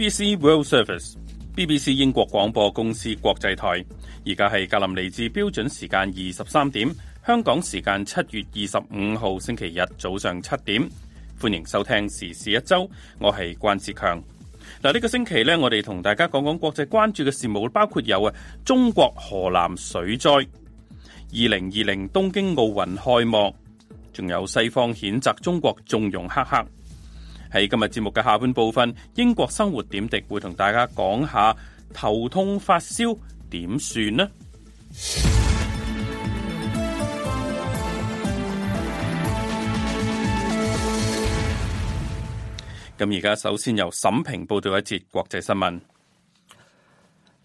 BBC World Service，BBC 英國廣播公司國際台。而家係格林尼治標準時間二十三點，香港時間七月二十五號星期日早上七點。歡迎收聽時事一周，我係關智強。嗱，呢個星期咧，我哋同大家講講國際關注嘅事務，包括有啊，中國河南水災、二零二零東京奧運開幕，仲有西方譴責中國縱容黑客。喺今日節目嘅下半部分，英國生活點滴會同大家講下頭痛發燒點算呢？咁而家首先由沈平報道一節國際新聞。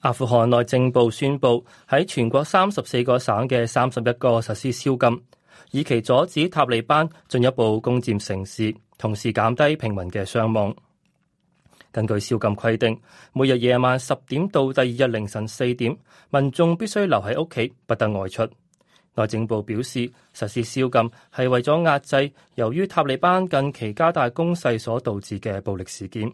阿富汗內政部宣布喺全國三十四個省嘅三十一個實施宵禁，以期阻止塔利班進一步攻佔城市。同時減低平民嘅傷亡。根據宵禁規定，每日夜晚十點到第二日凌晨四點，民眾必須留喺屋企，不得外出。內政部表示，實施宵禁係為咗壓制由於塔利班近期加大攻勢所導致嘅暴力事件。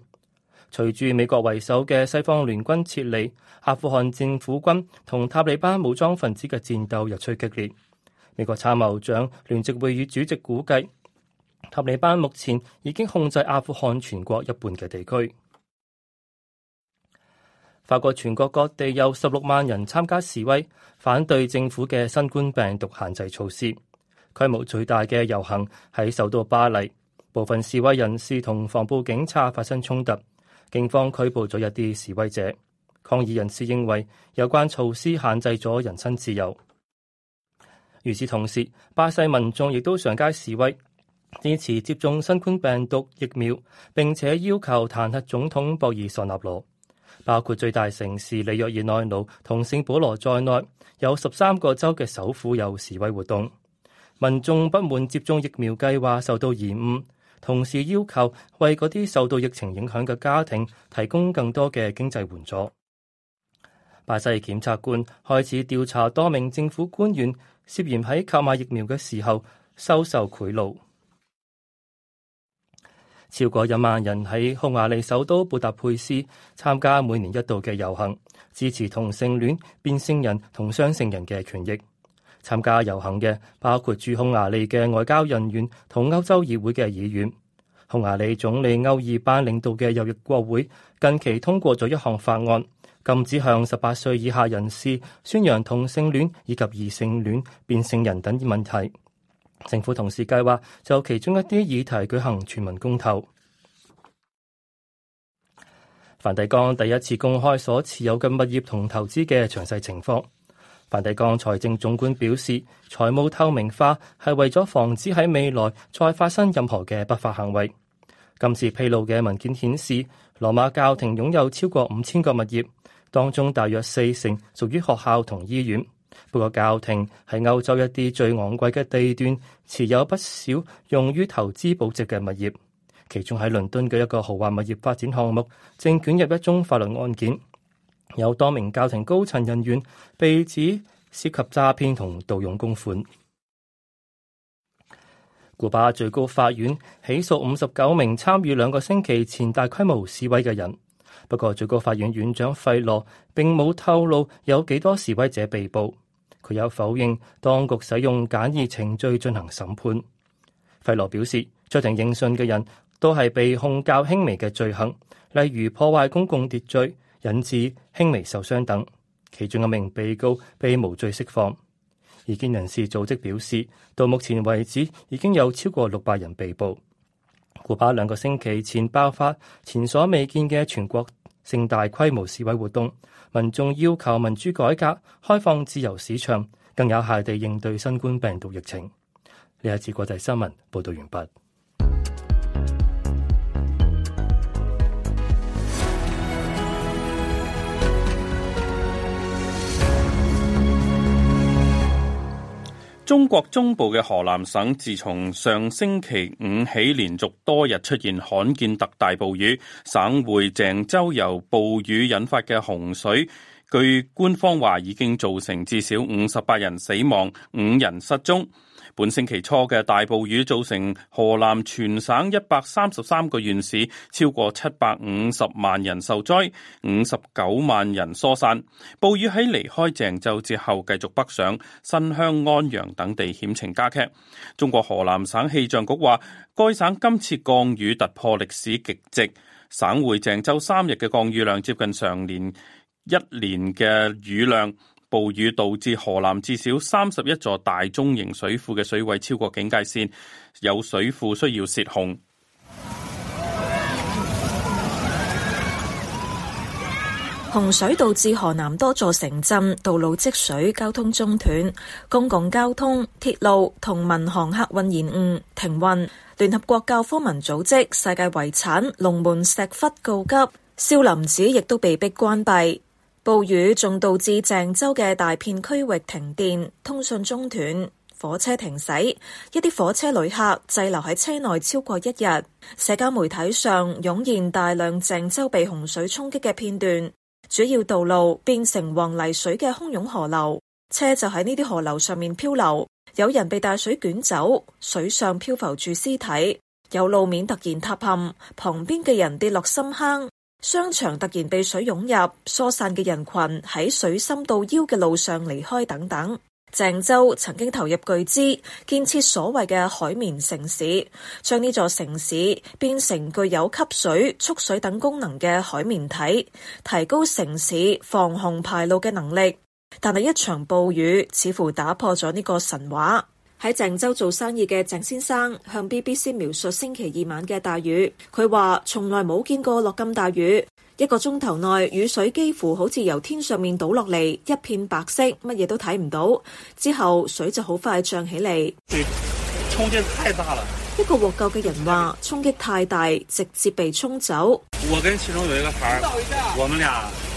隨住美國為首嘅西方聯軍撤離，阿富汗政府軍同塔利班武裝分子嘅戰鬥日趨激烈。美國參謀長聯席會議主席估計，塔利班目前已經控制阿富汗全國一半嘅地區。法國全國各地有十六萬人參加示威，反對政府嘅新冠病毒限制措施。規模最大嘅遊行喺首都巴黎，部分示威人士同防暴警察發生衝突，警方拘捕咗一啲示威者。抗議人士認為有關措施限制咗人身自由。與此同時，巴西民眾亦都上街示威。支持接種新冠病毒疫苗，並且要求彈劾總統博爾索納羅。包括最大城市里約熱內盧同聖保羅在內，有十三個州嘅首府有示威活動。民眾不滿接種疫苗計劃受到延誤，同時要求為嗰啲受到疫情影響嘅家庭提供更多嘅經濟援助。巴西檢察官開始調查多名政府官員涉嫌喺購買疫苗嘅時候收受賄賂。超過一萬人喺匈牙利首都布達佩斯參加每年一度嘅遊行，支持同性戀變性人同雙性人嘅權益。參加遊行嘅包括駐匈牙利嘅外交人員同歐洲議會嘅議員。匈牙利總理歐爾班領導嘅右翼國會近期通過咗一項法案，禁止向十八歲以下人士宣揚同性戀以及異性戀變性人等問題。政府同時計劃就其中一啲議題舉行全民公投。梵蒂岡第一次公開所持有嘅物業同投資嘅詳細情況。梵蒂岡財政總管表示，財務透明化係為咗防止喺未來再發生任何嘅不法行為。今次披露嘅文件顯示，羅馬教廷擁有超過五千個物業，當中大約四成屬於學校同醫院。不過教廷喺歐洲一啲最昂貴嘅地段，持有不少用於投資保值嘅物業。其中喺倫敦嘅一個豪華物業發展項目，正捲入一宗法律案件，有多名教廷高層人員被指涉及詐騙同盜用公款。古巴最高法院起訴五十九名參與兩個星期前大規模示威嘅人，不過最高法院院長費洛並冇透露有幾多示威者被捕。佢有否認當局使用簡易程序進行審判。費羅表示，出庭應訊嘅人都係被控較輕微嘅罪行，例如破壞公共秩序、引致輕微受傷等。其中一名被告被無罪釋放。異見人士組織表示，到目前為止已經有超過六百人被捕。古巴兩個星期前爆發前所未見嘅全國性大規模示威活動。民眾要求民主改革、開放自由市場、更有效地應對新冠病毒疫情。呢一次國際新聞報導完畢。中國中部嘅河南省自從上星期五起，連續多日出現罕見特大暴雨，省會鄭州由暴雨引發嘅洪水，據官方話已經造成至少五十八人死亡，五人失蹤。本星期初嘅大暴雨造成河南全省一百三十三個縣市，超過七百五十萬人受災，五十九萬人疏散。暴雨喺離開鄭州之後，繼續北上，新鄉、安陽等地險情加劇。中國河南省氣象局話，該省今次降雨突破歷史極值，省會鄭州三日嘅降雨量接近上年一年嘅雨量。暴雨導致河南至少三十一座大中型水庫嘅水位超過警戒線，有水庫需要泄洪。洪水導致河南多座城鎮道路積水，交通中斷，公共交通、鐵路同民航客運延誤停運。聯合國教科文組織世界遺產龍門石窟告急，少林寺亦都被迫關閉。暴雨仲導致鄭州嘅大片區域停電、通訊中斷、火車停駛，一啲火車旅客滯留喺車內超過一日。社交媒體上湧現大量鄭州被洪水衝擊嘅片段，主要道路變成黃泥水嘅洶湧河流，車就喺呢啲河流上面漂流，有人被大水捲走，水上漂浮住屍體，有路面突然塌陷，旁邊嘅人跌落深坑。商場突然被水湧入，疏散嘅人群喺水深到腰嘅路上離開，等等。鄭州曾經投入巨資建設所謂嘅海綿城市，將呢座城市變成具有吸水、蓄水等功能嘅海綿體，提高城市防洪排澇嘅能力。但係一場暴雨似乎打破咗呢個神話。喺鄭州做生意嘅鄭先生向 BBC 描述星期二晚嘅大雨，佢話從來冇見過落咁大雨，一個鐘頭內雨水幾乎好似由天上面倒落嚟，一片白色，乜嘢都睇唔到。之後水就好快漲起嚟，衝勁太大啦。一個獲救嘅人話衝擊太大，直接被沖走。我跟其中有一個孩，我們倆。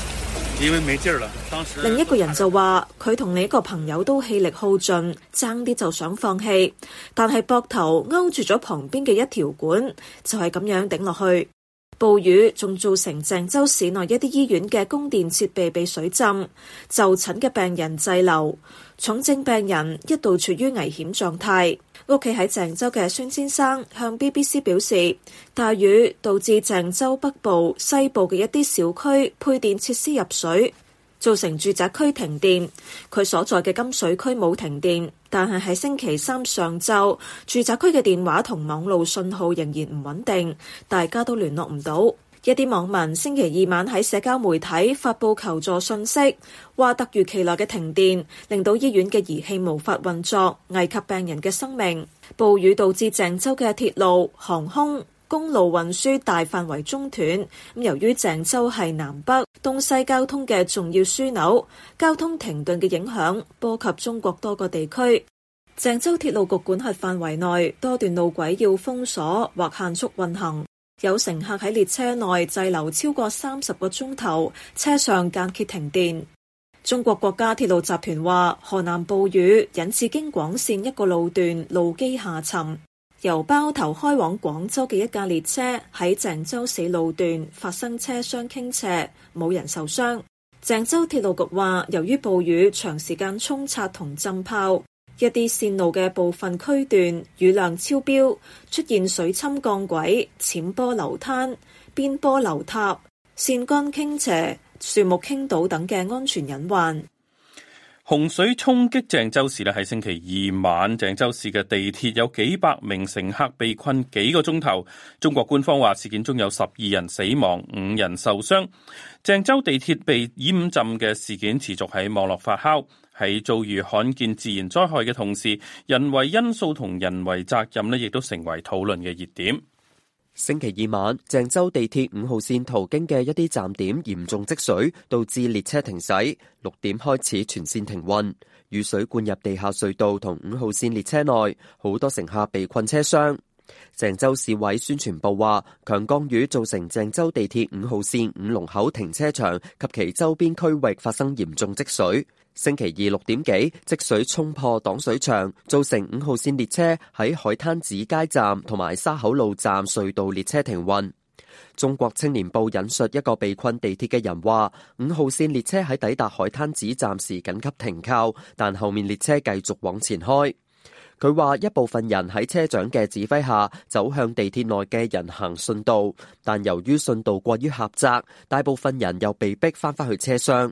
因為沒勁兒啦。當時另一個人就話佢同另一個朋友都氣力耗盡，爭啲就想放棄，但係膊頭勾住咗旁邊嘅一條管，就係咁樣頂落去。暴雨仲造成鄭州市內一啲醫院嘅供電設備被水浸，就診嘅病人滯留，重症病人一度處於危險狀態。屋企喺鄭州嘅孫先生向 BBC 表示，大雨導致鄭州北部、西部嘅一啲小區配電設施入水，造成住宅區停電。佢所在嘅金水區冇停電，但係喺星期三上晝，住宅區嘅電話同網路信號仍然唔穩定，大家都聯絡唔到。一啲網民星期二晚喺社交媒體發布求助信息，話突如其來嘅停電令到醫院嘅儀器無法運作，危及病人嘅生命。暴雨導致鄭州嘅鐵路、航空、公路運輸大範圍中斷。咁由於鄭州係南北、東西交通嘅重要樞紐，交通停頓嘅影響波及中國多個地區。鄭州鐵路局管轄範圍內多段路軌要封鎖或限速運行。有乘客喺列車內滯留超過三十個鐘頭，車上間歇停電。中國國家鐵路集團話，河南暴雨引致京廣線一個路段路基下沉。由包頭開往廣州嘅一架列車喺鄭州四路段發生車廂傾斜，冇人受傷。鄭州鐵路局話，由於暴雨長時間沖刷同浸泡。一啲線路嘅部分區段雨量超標，出現水侵降軌、淺波流灘、邊波流塌、線杆傾斜、樹木傾倒等嘅安全隱患。洪水衝擊鄭州市咧，喺星期二晚，鄭州市嘅地鐵有幾百名乘客被困幾個鐘頭。中國官方話事件中有十二人死亡，五人受傷。鄭州地鐵被淹浸嘅事件持續喺網絡發酵。喺遭遇罕見自然災害嘅同時，人為因素同人為責任呢亦都成為討論嘅熱點。星期二晚，鄭州地鐵五號線途經嘅一啲站點嚴重積水，導致列車停駛。六點開始全線停運，雨水灌入地下隧道同五號線列車內，好多乘客被困車廂。鄭州市委宣傳部話，強降雨造成鄭州地鐵五號線五龍口停車場及其周邊區域發生嚴重積水。星期二六點幾，積水衝破擋水牆，造成五號線列車喺海灘子街站同埋沙口路站隧道列車停運。中國青年報引述一個被困地鐵嘅人話：五號線列車喺抵達海灘子站時緊急停靠，但後面列車繼續往前開。佢話一部分人喺車長嘅指揮下走向地鐵內嘅人行隧道，但由於隧道過於狹窄，大部分人又被逼翻返去車廂。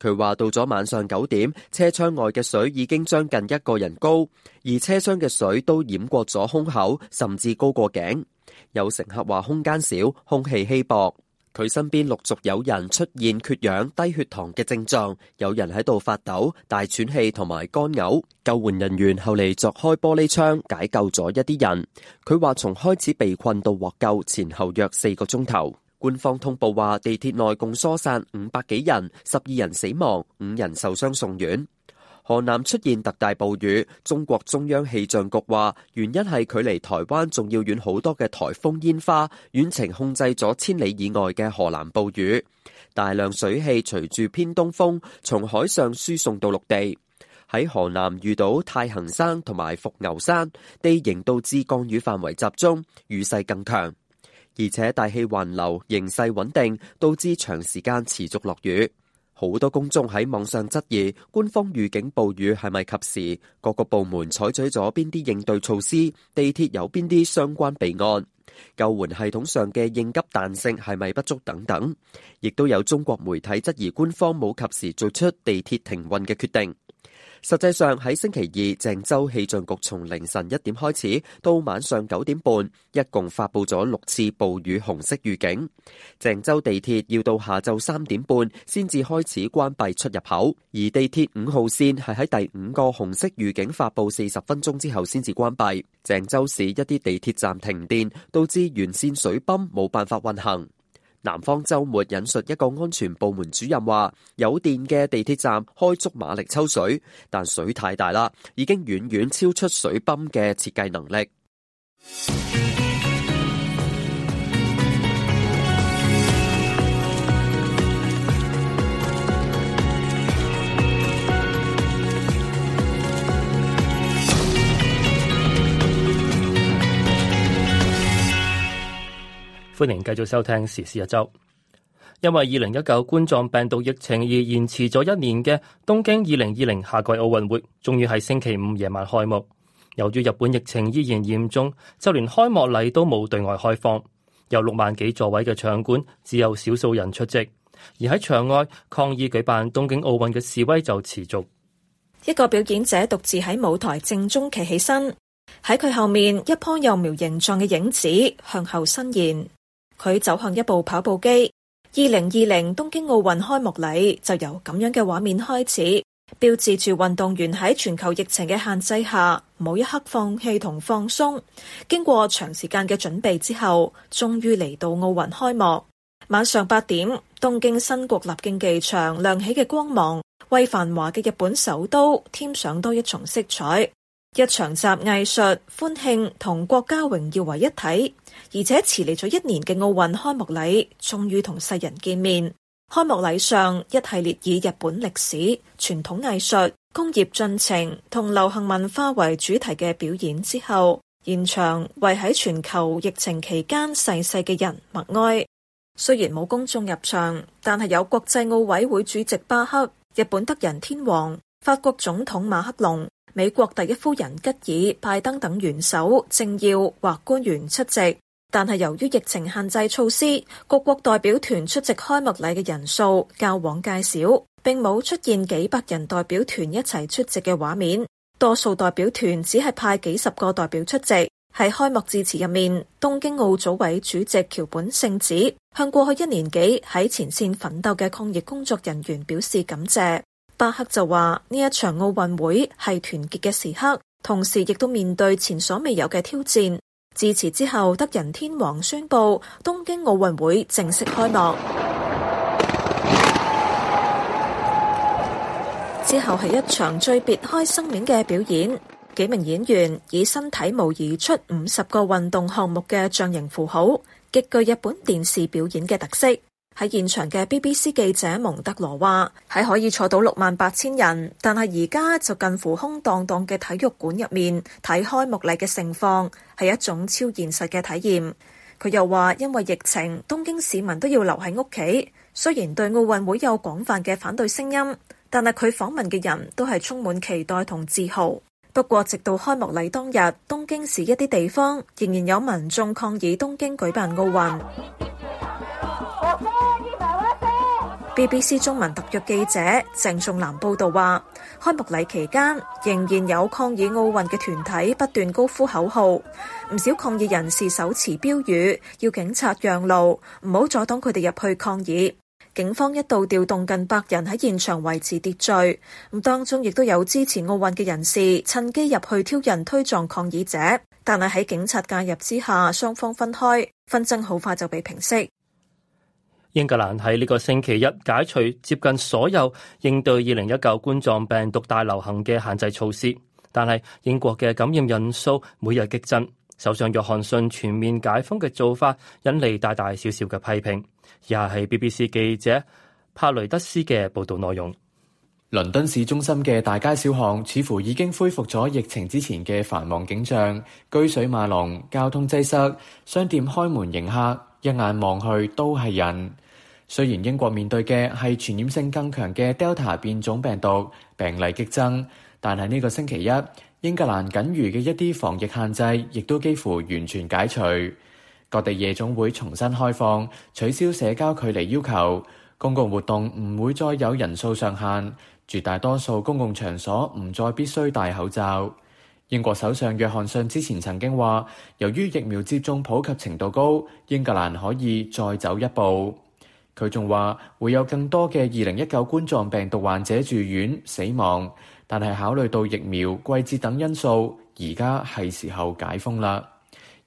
佢話到咗晚上九點，車窗外嘅水已經將近一個人高，而車廂嘅水都淹過咗胸口，甚至高過頸。有乘客話空間少，空氣稀薄。佢身邊陸續有人出現缺氧、低血糖嘅症狀，有人喺度發抖、大喘氣同埋乾嘔。救援人員後嚟鑿開玻璃窗解救咗一啲人。佢話從開始被困到獲救前後約四個鐘頭。官方通報話地鐵內共疏散500幾人 ,12 人死亡 ,5 人受傷送院。河南出現特大暴雨,中國中央氣象局話,原因係距離台灣仲要遠好多嘅台風煙花,遠程控制了千里以外的河南暴雨。大量水汽隨住偏東風,從海上輸送到陸地。喺河南遇到太行山同埋伏牛山,地形導致降雨範圍集中,雨勢更強。而且大氣環流形勢穩定，導致長時間持續落雨。好多公眾喺網上質疑官方預警暴雨係咪及時？各個部門採取咗邊啲應對措施？地鐵有邊啲相關備案？救援系統上嘅應急彈性係咪不足？等等，亦都有中國媒體質疑官方冇及時做出地鐵停運嘅決定。實際上，喺星期二，鄭州氣象局從凌晨一點開始到晚上九點半，一共發佈咗六次暴雨紅色預警。鄭州地鐵要到下晝三點半先至開始關閉出入口，而地鐵五號綫係喺第五個紅色預警發佈四十分鐘之後先至關閉。鄭州市一啲地鐵站停電，導致沿綫水泵冇辦法運行。南方周末引述一個安全部門主任話：有電嘅地鐵站開足馬力抽水，但水太大啦，已經遠遠超出水泵嘅設計能力。歡迎繼續收聽時事一周。因為二零一九冠狀病毒疫情而延遲咗一年嘅東京二零二零夏季奧運會，終於喺星期五夜晚開幕。由於日本疫情依然嚴重，就連開幕禮都冇對外開放。有六萬幾座位嘅場館，只有少數人出席。而喺場外抗議舉辦東京奧運嘅示威就持續。一個表演者獨自喺舞台正中企起身，喺佢後面一棵幼苗形狀嘅影子向後伸延。佢走向一部跑步機。二零二零東京奧運開幕禮就由咁樣嘅畫面開始，標誌住運動員喺全球疫情嘅限制下，冇一刻放棄同放鬆。經過長時間嘅準備之後，終於嚟到奧運開幕。晚上八點，東京新國立競技場亮起嘅光芒，為繁華嘅日本首都添上多一重色彩。一場集藝術、歡慶同國家榮耀為一體，而且遲嚟咗一年嘅奧運開幕禮，終於同世人見面。開幕禮上一系列以日本歷史、傳統藝術、工業進程同流行文化為主題嘅表演之後，現場為喺全球疫情期間逝世嘅人默哀。雖然冇公眾入場，但係有國際奧委會主席巴克、日本德仁天皇、法國總統馬克龍。美國第一夫人吉爾拜登等元首、政要或官員出席，但係由於疫情限制措施，各國代表團出席開幕禮嘅人數較往屆少，並冇出現幾百人代表團一齊出席嘅畫面。多數代表團只係派幾十個代表出席。喺開幕致辭入面，東京奧組委主席橋本聖子向過去一年幾喺前線奮鬥嘅抗疫工作人員表示感謝。巴克就話：呢一場奧運會係團結嘅時刻，同時亦都面對前所未有嘅挑戰。致辭之後，德仁天皇宣布東京奧運會正式開幕。 之後係一場最別開生面嘅表演，幾名演員以身體模擬出五十個運動項目嘅象形符號，極具日本電視表演嘅特色。喺現場嘅 BBC 記者蒙德羅話：喺可以坐到六萬八千人，但係而家就近乎空蕩蕩嘅體育館入面睇開幕禮嘅盛況係一種超現實嘅體驗。佢又話：因為疫情，東京市民都要留喺屋企。雖然對奧運會有廣泛嘅反對聲音，但係佢訪問嘅人都係充滿期待同自豪。不過，直到開幕禮當日，東京市一啲地方仍然有民眾抗議東京舉辦奧運。BBC 中文特約記者鄭頌南報道話，開幕禮期間仍然有抗議奧運嘅團體不斷高呼口號，唔少抗議人士手持標語，要警察讓路，唔好阻擋佢哋入去抗議。警方一度調動近百人喺現場維持秩序，咁當中亦都有支持奧運嘅人士趁機入去挑釁推撞抗議者，但係喺警察介入之下，雙方分開，紛爭好快就被平息。英格蘭喺呢個星期一解除接近所有應對二零一九冠狀病毒大流行嘅限制措施，但係英國嘅感染人數每日激增。首相約翰遜全面解封嘅做法引嚟大大小小嘅批評。以下係 BBC 記者帕雷德斯嘅報道內容。倫敦市中心嘅大街小巷似乎已經恢復咗疫情之前嘅繁忙景象，車水馬龍，交通擠塞，商店開門迎客。一眼望去都係人。雖然英國面對嘅係傳染性更強嘅 Delta 變種病毒，病例激增，但係呢個星期一，英格蘭僅餘嘅一啲防疫限制，亦都幾乎完全解除。各地夜總會重新開放，取消社交距離要求，公共活動唔會再有人數上限，絕大多數公共場所唔再必須戴口罩。英國首相約翰遜之前曾經話，由於疫苗接種普及程度高，英格蘭可以再走一步。佢仲話會有更多嘅二零一九冠狀病毒患者住院死亡，但係考慮到疫苗、季節等因素，而家係時候解封啦。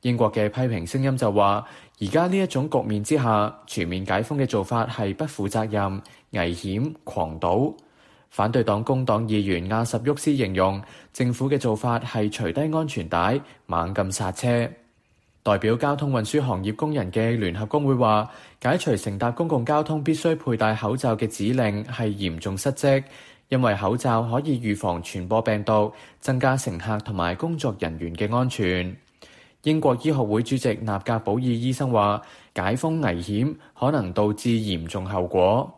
英國嘅批評聲音就話，而家呢一種局面之下，全面解封嘅做法係不負責任、危險、狂賭。反對黨工黨議員亞什沃斯形容政府嘅做法係除低安全帶、猛咁煞車。代表交通運輸行業工人嘅聯合工會話，解除乘搭公共交通必須佩戴口罩嘅指令係嚴重失職，因為口罩可以預防傳播病毒，增加乘客同埋工作人員嘅安全。英國醫學會主席納格保爾醫生話，解封危險可能導致嚴重後果。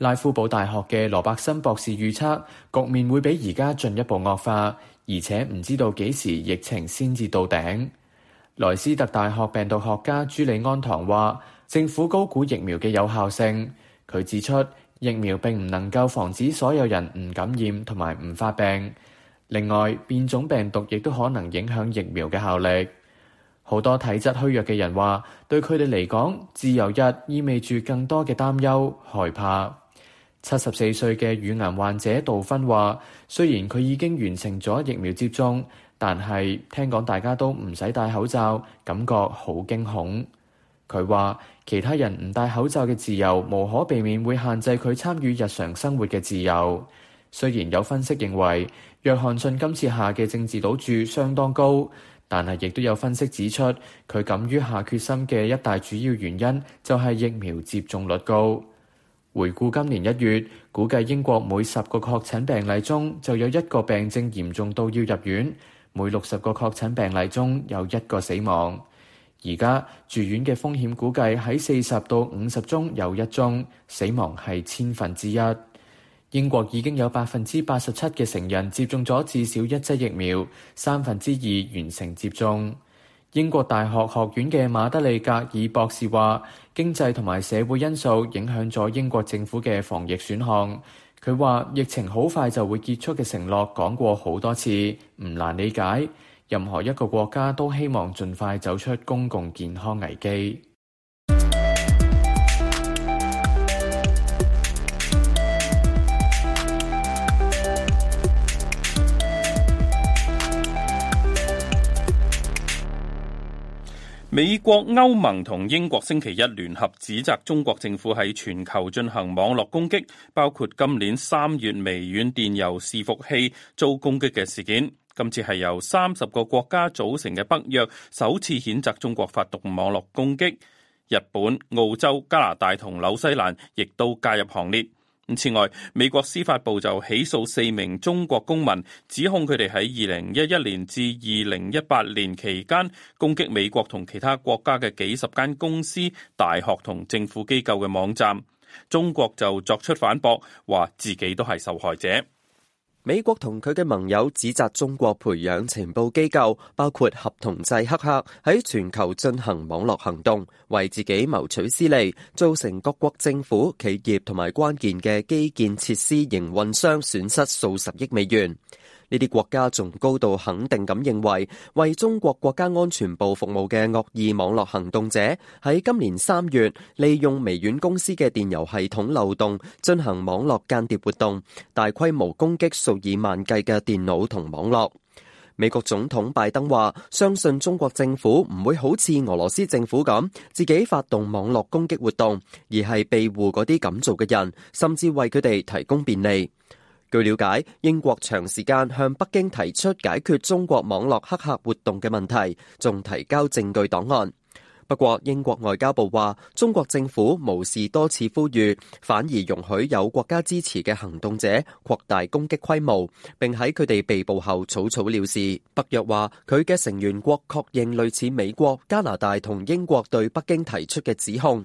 拉夫堡大學嘅羅伯森博士預測局面會比而家進一步惡化，而且唔知道幾時疫情先至到頂。萊斯特大學病毒學家朱利安唐話，政府高估疫苗嘅有效性。佢指出，疫苗並唔能夠防止所有人唔感染同埋唔發病。另外，變種病毒亦都可能影響疫苗嘅效力。好多體質虛弱嘅人話，對佢哋嚟講，自由日意味住更多嘅擔憂、害怕。七十四歲嘅乳癌患者杜芬話，雖然佢已經完成咗疫苗接種，但係聽講大家都唔使戴口罩，感覺好驚恐。佢話，其他人唔戴口罩嘅自由，無可避免會限制佢參與日常生活嘅自由。雖然有分析認為，約翰遜今次下嘅政治賭注相當高，但係亦都有分析指出，佢敢於下決心嘅一大主要原因就係疫苗接種率高。回顧今年一月，估計英國每十個確診病例中就有一個病症嚴重到要入院，每六十個確診病例中有一個死亡。而家住院嘅風險估計喺四十到五十宗中有一宗死亡，係千分之一。英國已經有百分之八十七嘅成人接種咗至少一劑疫苗，三分之二完成接種。英國大學學院嘅馬德里格爾博士話：經濟同埋社會因素影響咗英國政府嘅防疫選項。佢話疫情好快就會結束嘅承諾講過好多次，唔難理解。任何一個國家都希望盡快走出公共健康危機。美國、歐盟同英國星期一聯合指責中國政府喺全球進行網絡攻擊，包括今年三月微軟電郵伺服器遭攻擊嘅事件。今次係由三十個國家組成嘅北約首次譴責中國發動網絡攻擊，日本、澳洲、加拿大同紐西蘭亦都加入行列。咁此外，美國司法部就起訴四名中國公民，指控佢哋喺二零一一年至二零一八年期間攻擊美國同其他國家嘅幾十間公司、大學同政府機構嘅網站。中國就作出反駁，話自己都係受害者。美國同佢嘅盟友指責中國培養情報機構，包括合同制黑客，喺全球進行網絡行動，為自己謀取私利，造成各國政府、企業同埋關鍵嘅基建設施營運商損失數十億美元。呢啲國家仲高度肯定咁認為，為中國國家安全部服務嘅惡意網絡行動者喺今年三月，利用微軟公司嘅電郵系統漏洞進行網絡間諜活動，大規模攻擊數以萬計嘅電腦同網絡。美國總統拜登話：相信中國政府唔會好似俄羅斯政府咁，自己發動網絡攻擊活動，而係庇護嗰啲咁做嘅人，甚至為佢哋提供便利。據了解，英國長時間向北京提出解決中國網絡黑客活動嘅問題，仲提交證據檔案。不過英國外交部話，中國政府無視多次呼籲，反而容許有國家支持嘅行動者擴大攻擊規模，並喺佢哋被捕後草草了事。北約話，佢嘅成員國確認類似美國、加拿大同英國對北京提出嘅指控。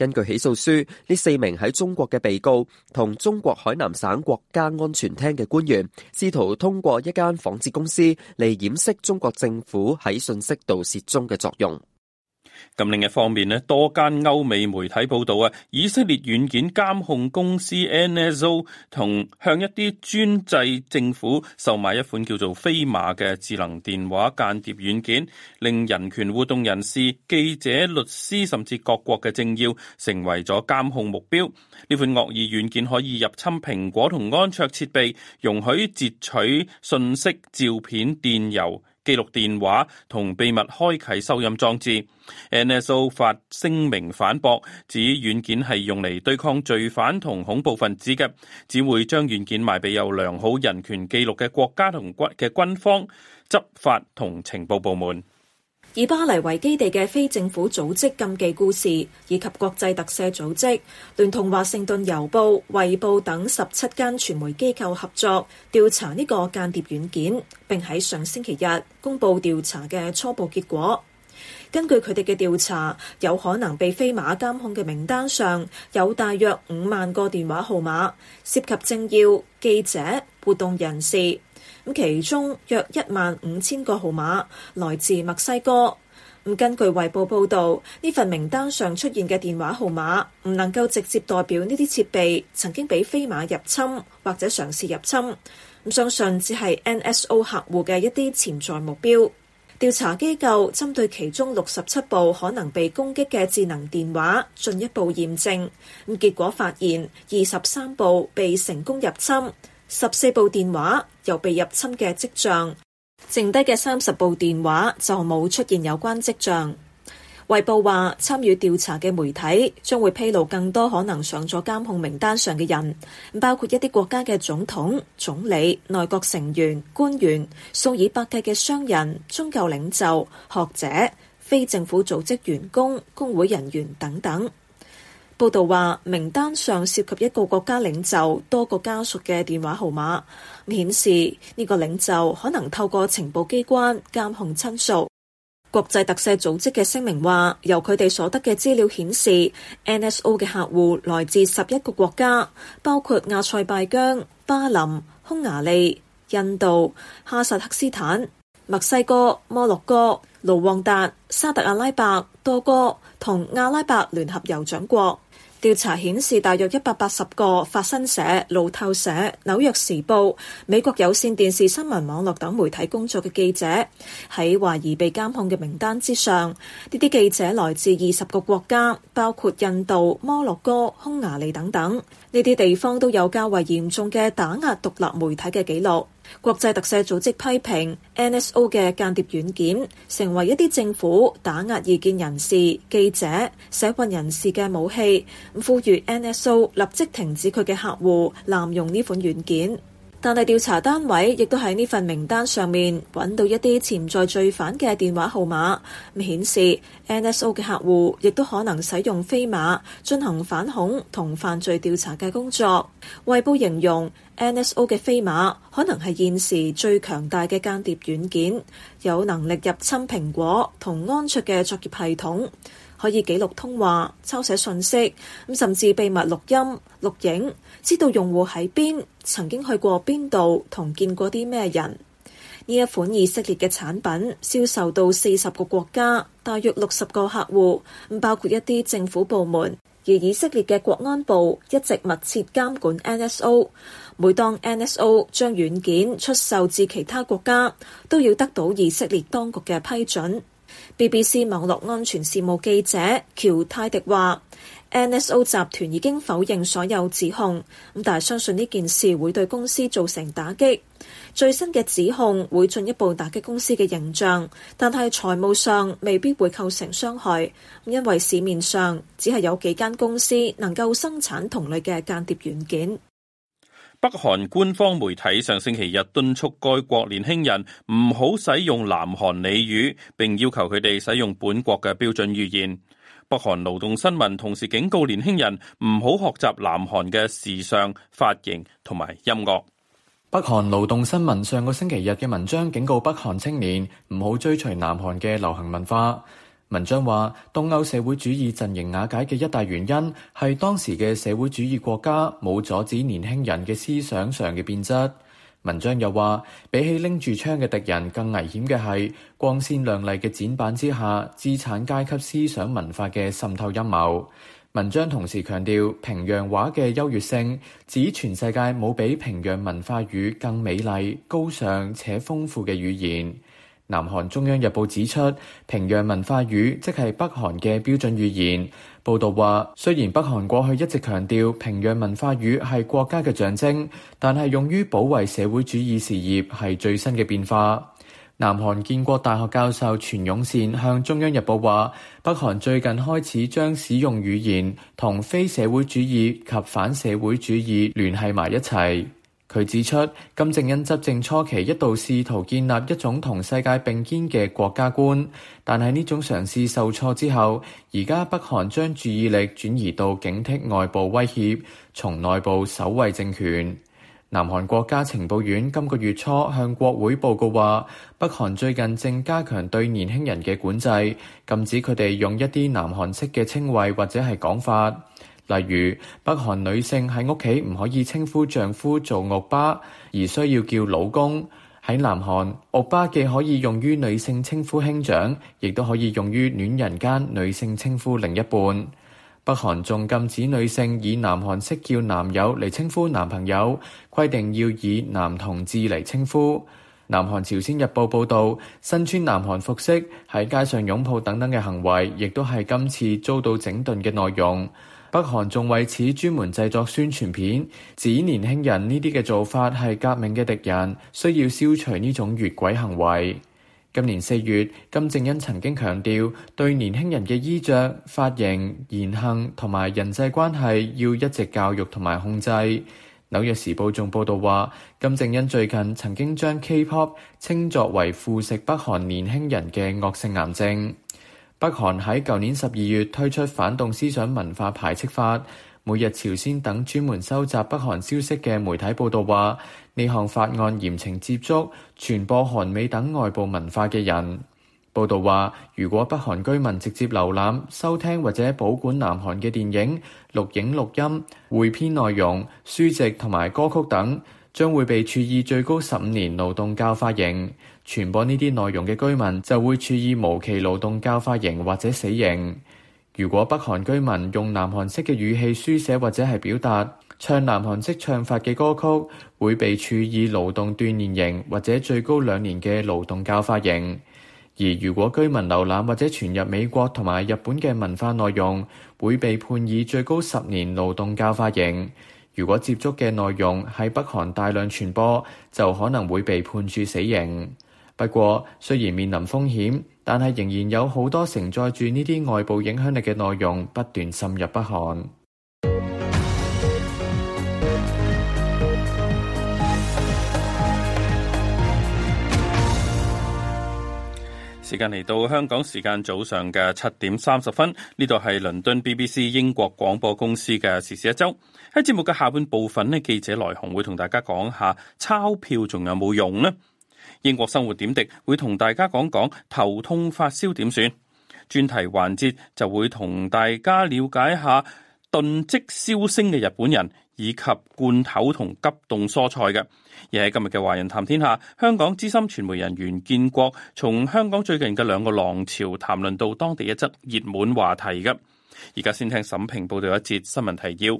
根據起訴書，呢四名喺中國嘅被告同中國海南省國家安全廳嘅官員，試圖通過一間紡織公司嚟掩飾中國政府喺信息盜竊中嘅作用。咁另一方面咧，多間歐美媒體報道啊，以色列軟件監控公司 NSO 同向一啲專制政府售賣一款叫做飛馬嘅智能電話間諜軟件，令人權活動人士、記者、律師甚至各國嘅政要成為咗監控目標。呢款惡意軟件可以入侵蘋果同安卓設備，容許截取信息、照片、電郵。記錄電話同秘密開啟收音裝置，NSO 發聲明反駁，指軟件係用嚟對抗罪犯同恐怖分子嘅，只會將軟件賣俾有良好人權記錄嘅國家同軍嘅軍方、執法同情報部門。以巴黎為基地嘅非政府組織禁忌故事，以及國際特赦組織，聯同華盛頓郵報、衛報等十七間傳媒機構合作調查呢個間諜軟件，並喺上星期日公佈調查嘅初步結果。根據佢哋嘅調查，有可能被飛馬監控嘅名單上有大約五萬個電話號碼，涉及政要、記者、活動人士。咁其中約一萬五千個號碼來自墨西哥。咁根據衛報報導，呢份名單上出現嘅電話號碼唔能夠直接代表呢啲設備曾經被飛馬入侵或者嘗試入侵。咁相信只係 NSO 客戶嘅一啲潛在目標。調查機構針對其中六十七部可能被攻擊嘅智能電話進一步驗證，咁結果發現二十三部被成功入侵。十四部電話有被入侵嘅跡象，剩低嘅三十部電話就冇出現有關跡象。衛報話，參與調查嘅媒體將會披露更多可能上咗監控名單上嘅人，包括一啲國家嘅總統、總理、內閣成員、官員、數以百計嘅商人、宗教領袖、學者、非政府組織員工、工會人員等等。報道話，名單上涉及一個國家領袖多個家屬嘅電話號碼，顯示呢個領袖可能透過情報機關監控親屬。國際特赦組織嘅聲明話，由佢哋所得嘅資料顯示，NSO 嘅客戶來自十一個國家，包括亞塞拜疆、巴林、匈牙利、印度、哈薩克斯坦、墨西哥、摩洛哥、盧旺達、沙特阿拉伯、多哥同阿拉伯聯合酋長國。調查顯示，大約一百八十個法新社、路透社、紐約時報、美國有線電視新聞網絡等媒體工作嘅記者，喺懷疑被監控嘅名單之上。呢啲記者來自二十個國家，包括印度、摩洛哥、匈牙利等等。呢啲地方都有較為嚴重嘅打壓獨立媒體嘅記錄。國際特赦組織批評 NSO 嘅間諜軟件成為一啲政府打壓異見人士、記者、社運人士嘅武器，呼籲 NSO 立即停止佢嘅客戶濫用呢款軟件。但係調查單位亦都喺呢份名單上面揾到一啲潛在罪犯嘅電話號碼，咁顯示 NSO 嘅客戶亦都可能使用飛馬進行反恐同犯罪調查嘅工作。衛報形容 NSO 嘅飛馬可能係現時最強大嘅間諜軟件，有能力入侵蘋果同安卓嘅作業系統。可以記錄通話、抄寫信息，咁甚至秘密錄音、錄影，知道用戶喺邊，曾經去過邊度，同見過啲咩人。呢一款以色列嘅產品銷售到四十個國家，大約六十個客戶，包括一啲政府部門。而以色列嘅國安部一直密切監管 NSO，每當 NSO 將軟件出售至其他國家，都要得到以色列當局嘅批准。BBC 網絡安全事務記者喬泰迪話：NSO 集團已經否認所有指控，咁但係相信呢件事會對公司造成打擊。最新嘅指控會進一步打擊公司嘅形象，但係財務上未必會構成傷害，因為市面上只係有幾間公司能夠生產同類嘅間諜軟件。北韓官方媒體上星期日敦促該國年輕人唔好使用南韓俚語，並要求佢哋使用本國嘅標準語言。北韓勞動新聞同時警告年輕人唔好學習南韓嘅時尚髮型同埋音樂。北韓勞動新聞上個星期日嘅文章警告北韓青年唔好追隨南韓嘅流行文化。文章話，東歐社會主義陣營瓦解嘅一大原因係當時嘅社會主義國家冇阻止年輕人嘅思想上嘅變質。文章又話，比起拎住槍嘅敵人，更危險嘅係光鮮亮麗嘅展板之下，資產階級思想文化嘅滲透陰謀。文章同時強調，平壤話嘅優越性，指全世界冇比平壤文化語更美麗、高尚且豐富嘅語言。南韓中央日報指出，平壤文化語即係北韓嘅標準語言。報導話，雖然北韓過去一直強調平壤文化語係國家嘅象徵，但係用於保衛社會主義事業係最新嘅變化。南韓建國大學教授全勇善向中央日報話，北韓最近開始將使用語言同非社會主義及反社會主義聯繫埋一齊。佢指出，金正恩執政初期一度試圖建立一種同世界並肩嘅國家觀，但係呢種嘗試受挫之後，而家北韓將注意力轉移到警惕外部威脅，從內部守衛政權。南韓國家情報院今個月初向國會報告話，北韓最近正加強對年輕人嘅管制，禁止佢哋用一啲南韓式嘅稱謂或者係講法。例如，北韓女性喺屋企唔可以稱呼丈夫做歐巴，而需要叫老公。喺南韓，歐巴既可以用於女性稱呼兄長，亦都可以用於戀人間女性稱呼另一半。北韓仲禁止女性以南韓式叫男友嚟稱呼男朋友，規定要以男同志嚟稱呼。南韓朝鮮日報報導，身穿南韓服飾喺街上擁抱等等嘅行為，亦都係今次遭到整頓嘅內容。北韓仲為此專門製作宣傳片，指年輕人呢啲嘅做法係革命嘅敵人，需要消除呢種越軌行為。今年四月，金正恩曾經強調，對年輕人嘅衣着、髮型、言行同埋人際關係要一直教育同埋控制。《紐約時報》仲報道話，金正恩最近曾經將 K-pop 稱作為腐蝕北韓年輕人嘅惡性癌症。北韓喺舊年十二月推出反動思想文化排斥法。每日朝鮮等專門收集北韓消息嘅媒體報導話，呢項法案嚴懲接觸、傳播韓美等外部文化嘅人。報導話，如果北韓居民直接瀏覽、收聽或者保管南韓嘅電影、錄影、錄音、匯編內容、書籍同埋歌曲等，將會被處以最高十五年勞動教化刑；傳播呢啲內容嘅居民就會處以無期勞動教化刑或者死刑。如果北韓居民用南韓式嘅語氣書寫或者係表達、唱南韓式唱法嘅歌曲，會被處以勞動鍛鍊刑或者最高兩年嘅勞動教化刑。而如果居民瀏覽或者傳入美國同埋日本嘅文化內容，會被判以最高十年勞動教化刑。如果接觸嘅內容喺北韓大量傳播，就可能會被判處死刑。不過，雖然面臨風險，但係仍然有好多承載住呢啲外部影響力嘅內容不斷滲入北韓。時間嚟到香港時間早上嘅七點三十分，呢度係倫敦 BBC 英國廣播公司嘅時事一周。喺節目嘅下半部分咧，記者來鴻會同大家講下鈔票仲有冇用咧？英國生活點滴會同大家講講頭痛發燒點算，專題環節就會同大家了解下遁跡銷聲嘅日本人。以及罐頭同急凍蔬菜嘅，而喺今日嘅《華人談天下》，香港資深傳媒人袁建國從香港最近嘅兩個浪潮，談論到當地一則熱門話題嘅。而家先聽沈平報道一節新聞提要。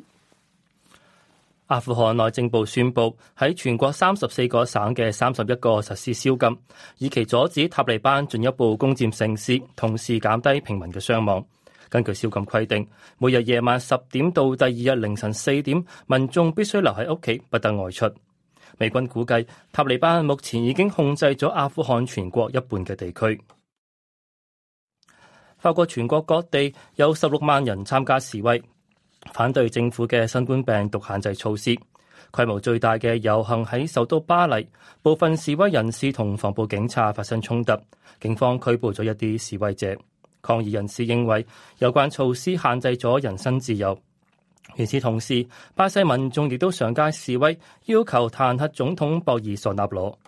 阿富汗內政部宣布喺全國三十四個省嘅三十一個實施宵禁，以期阻止塔利班進一步攻佔城市，同時減低平民嘅傷亡。根據宵禁規定，每日夜晚十點到第二日凌晨四點，民眾必須留喺屋企，不得外出。美軍估計，塔利班目前已經控制咗阿富汗全國一半嘅地區。法國全國各地有十六萬人參加示威，反對政府嘅新冠病毒限制措施。規模最大嘅遊行喺首都巴黎，部分示威人士同防暴警察發生衝突，警方拘捕咗一啲示威者。抗議人士認為有關措施限制咗人身自由。與此同時，巴西民眾亦都上街示威，要求彈劾總統博爾索納羅。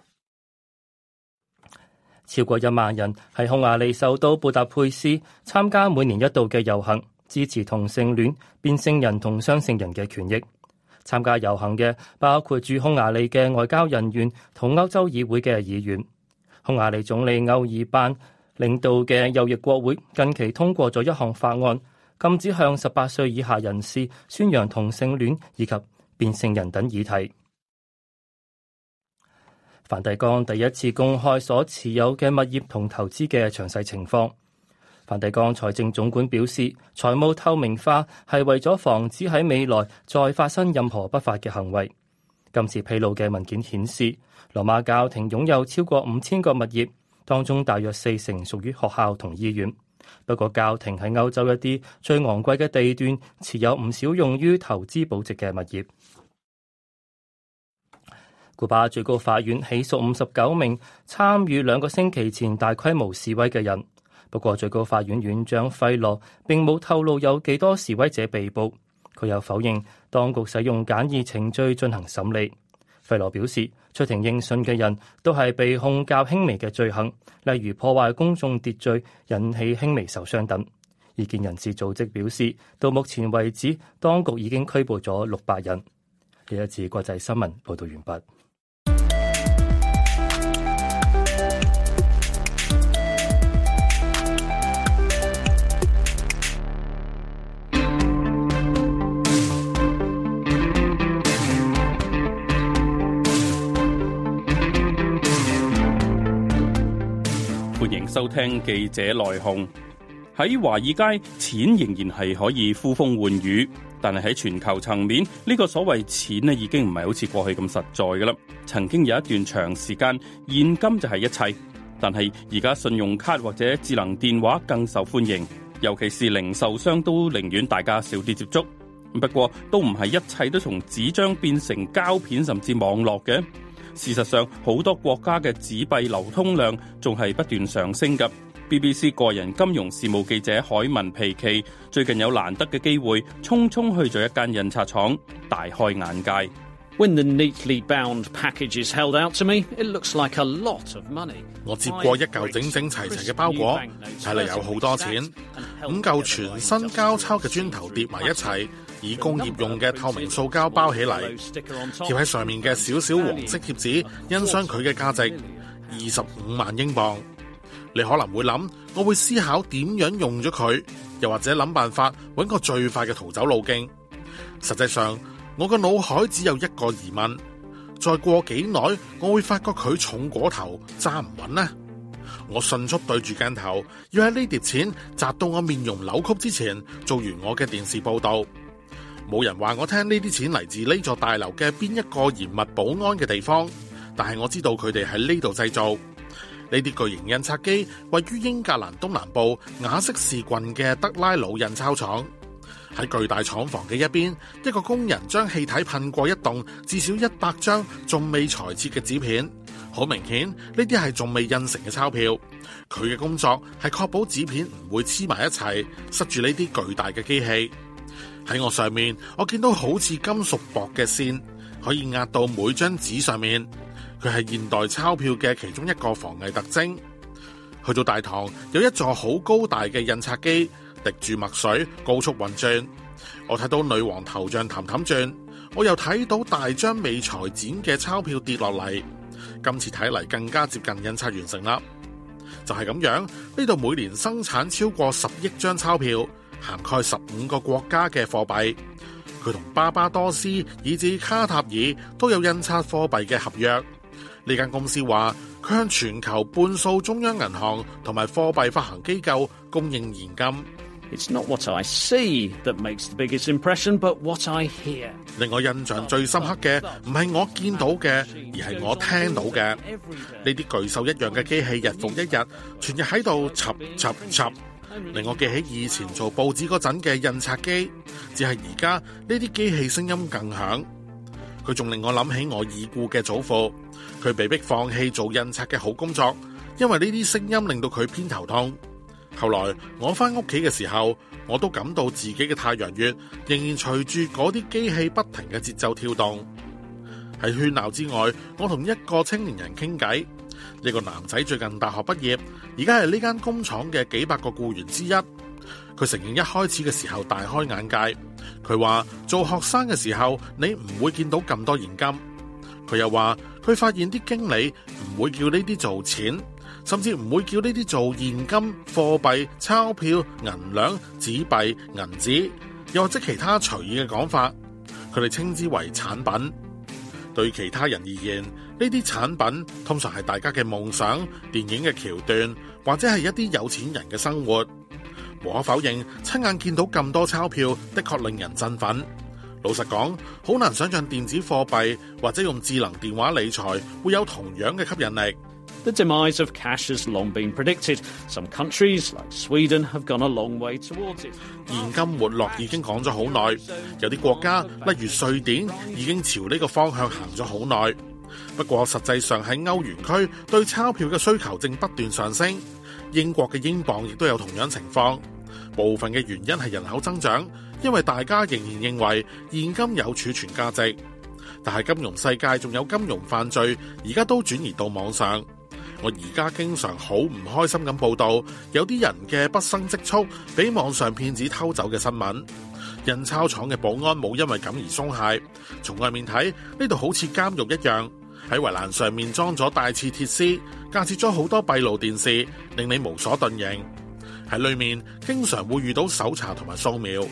超過一萬人喺匈牙利首都布達佩斯參加每年一度嘅遊行，支持同性戀、變性人同雙性人嘅權益。參加遊行嘅包括駐匈牙利嘅外交人員同歐洲議會嘅議員。匈牙利總理歐爾班領導嘅右翼國會近期通過咗一項法案，禁止向十八歲以下人士宣揚同性戀以及變性人等議題。梵蒂岡第一次公開所持有嘅物業同投資嘅詳細情況，梵蒂岡財政總管表示，財務透明化係為咗防止喺未來再發生任何不法嘅行為。今次披露嘅文件顯示，羅馬教廷擁有超過五千個物業。當中大約四成屬於學校同醫院，不過教廷喺歐洲一啲最昂貴嘅地段持有唔少用於投資保值嘅物業。古巴最高法院起訴五十九名參與兩個星期前大規模示威嘅人，不過最高法院院長費洛並冇透露有幾多示威者被捕，佢又否認當局使用簡易程序進行審理。費羅表示，出庭應訊嘅人都係被控較輕微嘅罪行，例如破壞公眾秩序、引起輕微受傷等。異見人士組織表示，到目前為止，當局已經拘捕咗六百人。呢一次國際新聞報道完畢。收聽記者來鴻。喺華爾街，錢仍然係可以呼風喚雨，但係喺全球層面，呢、這個所謂錢咧已經唔係好似過去咁實在㗎喇。曾經有一段長時間，現金就係一切，但係而家信用卡或者智能電話更受歡迎，尤其是零售商都寧願大家少啲接觸。不過都唔係一切都從紙張變成膠片，甚至網絡嘅。事實上，好多國家嘅紙幣流通量仲係不斷上升㗎。BBC 個人金融事務記者海文皮奇最近有難得嘅機會，匆匆去咗一間印刷廠，大開眼界。When the neatly bound package is held out to me, it looks like a lot of money。我接過一嚿整整齊齊嘅包裹，睇嚟有好多錢。五嚿全新膠鈔嘅磚頭疊埋一齊。以工業用嘅透明塑膠包起嚟，貼喺上面嘅小小黃色貼紙，欣賞佢嘅價值二十五萬英鎊。你可能會諗，我會思考點樣用咗佢，又或者諗辦法揾個最快嘅逃走路徑。實際上，我嘅腦海只有一個疑問：再過幾耐我會發覺佢重過頭，揸唔穩呢？我迅速對住鏡頭，要喺呢疊錢砸到我面容扭曲之前，做完我嘅電視報道。冇人話我聽呢啲錢嚟自呢座大樓嘅邊一個嚴密保安嘅地方，但係我知道佢哋喺呢度製造。呢啲巨型印刷機位於英格蘭東南部雅瑟士郡嘅德拉魯印鈔廠。喺巨大廠房嘅一邊，一個工人將氣體噴過一棟至少一百張仲未裁切嘅紙片。好明顯，呢啲係仲未印成嘅鈔票。佢嘅工作係確保紙片唔會黐埋一齊，塞住呢啲巨大嘅機器。喺我上面，我見到好似金屬箔嘅線，可以壓到每張紙上面。佢係現代鈔票嘅其中一個防偽特徵。去到大堂，有一座好高大嘅印刷機，滴住墨水，高速運轉。我睇到女王頭像凼凼轉，我又睇到大張未裁剪嘅鈔票跌落嚟。今次睇嚟更加接近印刷完成啦。就係咁樣，呢度每年生產超過十億張鈔票。涵蓋十五個國家嘅貨幣，佢同巴巴多斯以至卡塔爾都有印刷貨幣嘅合約。呢間公司話，佢向全球半數中央銀行同埋貨幣發行機構供應現金。It's not what I see that makes the biggest impression, but what I hear。令我印象最深刻嘅唔係我見到嘅，而係我聽到嘅。呢啲巨獸一樣嘅機器，日復一日，全日喺度，插插插。令我記起以前做報紙嗰陣嘅印刷機，只係而家呢啲機器聲音更響。佢仲令我諗起我已故嘅祖父，佢被迫放棄做印刷嘅好工作，因為呢啲聲音令到佢偏頭痛。後來我翻屋企嘅時候，我都感到自己嘅太陽穴仍然隨住嗰啲機器不停嘅節奏跳動。喺喧鬧之外，我同一個青年人傾偈。呢個男仔最近大學畢業，而家係呢間工廠嘅幾百個僱員之一。佢承認一開始嘅時候大開眼界。佢話做學生嘅時候，你唔會見到咁多現金。佢又話佢發現啲經理唔會叫呢啲做錢，甚至唔會叫呢啲做現金、貨幣、鈔票、銀兩、紙幣、銀紙，又或者其他隨意嘅講法。佢哋稱之為產品。對其他人而言，呢啲產品通常係大家嘅夢想、電影嘅橋段，或者係一啲有錢人嘅生活。無可否認，親眼見到咁多鈔票，的確令人振奮。老實講，好難想像電子貨幣，或者用智能電話理財，會有同樣嘅吸引力。The demise of cash has long been predicted. Some countries, like Sweden, have gone a long way towards it. 現金沒落已經講咗好耐，有啲國家，例如瑞典，已經朝呢個方向行咗好耐。不過實際上喺歐元區對鈔票嘅需求正不斷上升。英國嘅英鎊亦都有同樣情況。部分嘅原因係人口增長，因為大家仍然認為現金有儲存價值。但係金融世界仲有金融犯罪，而家都轉移到網上。我而家經常好唔開心咁報道，有啲人嘅畢生積蓄俾網上騙子偷走嘅新聞。印鈔廠嘅保安冇因為咁而鬆懈，從外面睇，呢度好似監獄一樣，喺圍欄上面裝咗大刺鐵絲，架設咗好多閉路電視，令你無所遁形。喺裏面經常會遇到搜查，同埋掃描，